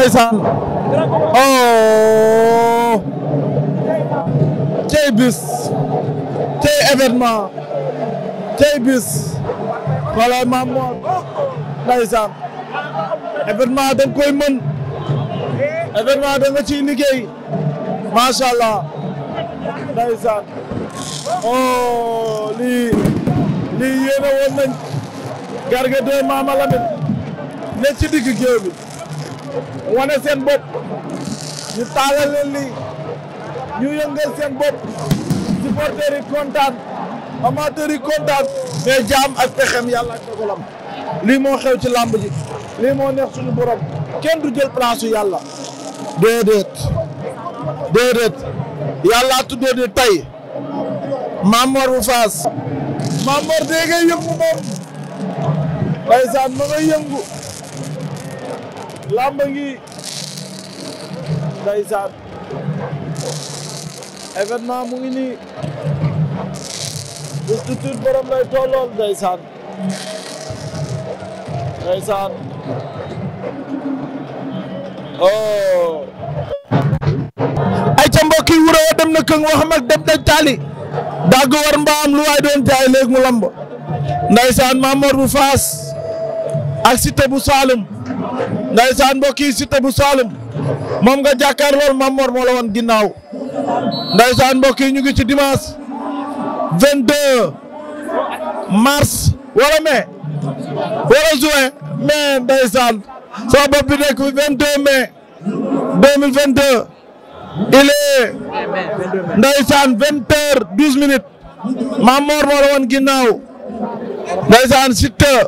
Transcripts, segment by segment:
ndeysaan oh tey bis tey événement tey bis xoolal maam moor ndeysaan événement da nga koy mën événement da nga ciy liggéey macha allah ndeysaan oh lii lii yéene woon nañ Garga 2 Mama ne ci digg géew wane seen bopp ñu taalal leen ñu yëngal seen bopp supporters yi kontaan amateurs kontaan mais jaam ak pexem yàlla ak dogalam lii moo xew ci làmb ji lii moo neex suñu borom kenn du jël place yu yàlla déedéet déedéet yàllaa tuddee tey Mamor bu Faas Mamor dee yëngu moom ndeysaan ma ngay yëngu làmb ngi ndeysaan événement mu ngi nii bu tuut borom lay tollool ndeysaan ndeysaan oh ay ca mbokk yi wuroo dem na këng wax mag dem na taali dagg war mbaam lu waay doon jaay léegi mu lamb ndeysaan Mamor bu Faas ak Siteu bu Saalum ndaysaan mbokk yi Siteu bu Saloum moom nga jàkkaar lool Mame Mor moo la woon ginnaaw ndaysaan mbokk yi ñu ngi ci dimanche 22 mars wala mai wala juin mai ndaysaan sama bopp bi nekk 22 mai 2022 il est ndaysaan 20 heures 12 woon ginnaaw ndaysaan Siteu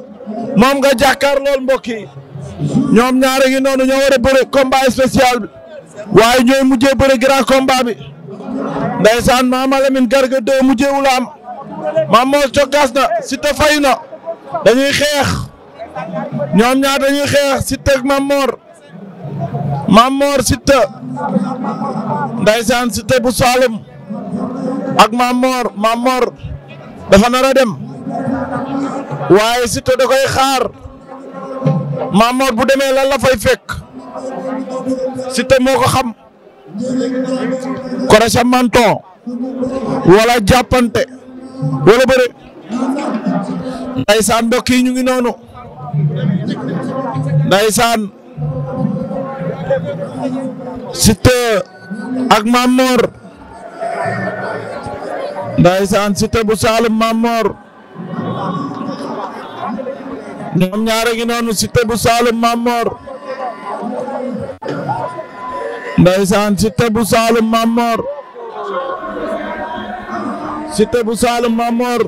moom nga jàkkaar lool mbokk yi ñoom ñaar ngi noonu ñoo war a bëre combat spécial bi waaye ñooy mujjee bëre grand combat bi ndeysaan Mama Lamine Garga 2 mujjee wu la am Mame Mor cokkaas na dañuy xeex ñoom ñaar dañuy xeex Siteu ak Mame Mor Mame Mor Siteu ndeysaan Siteu bu Saloum ak Mame Mor Mame Mor dafa nar dem waaye Siteu da koy xaar Mamor bu demee lan la fay fekk Siteu moo ko xam crochet menton wala jàppante wala bëre ndaysaan mbokk yi ñu ngi noonu ndaysaan Siteu ak Mamor ndaysaan Siteu bu Saalum Mamor ñoom ñaare ngi noonu Siteu bu Saalum Mamor ndeysaan Siteu bu Saalum Mamor Siteu bu Saalum Mamor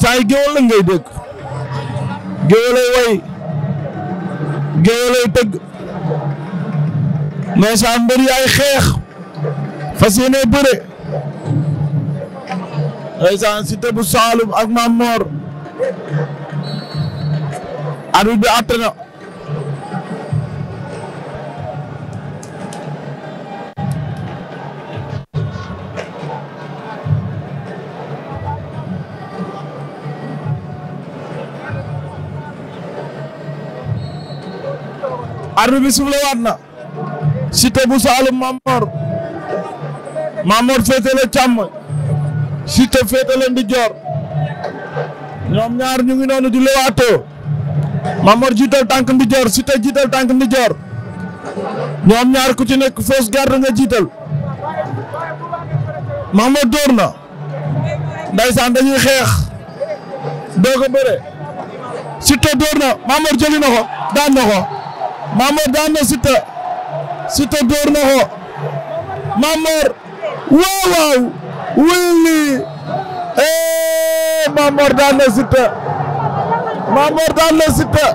saay géwél la ngay dégg géwélay way géwélay tëgg ndeysaan mbër yaay xeex fas yéene bëre ndeysaan Siteu bu Saalum ak Mamor arbitre bi àtte na arbitre bi suuf la waat na Siteu bu Saalum Mamor Mamor féete la càmm Siteu féete la ndijoor ñoom ñaar ñu ngi noonu di lewaatoo Mamor jiital tànk ndijoor Siteu jiital tànk ndijoor ñoom ñaar ku ci nekk fausse garde nga jiital Mamor dóor na ndaysaan dañuy xeex doo ko bëre Siteu dóor na Mamor jëli na ko daan na ko Mamor daan na Siteu Siteu dóor na ko Mamor Mamor daan na Siteu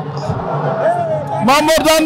Mamor daan na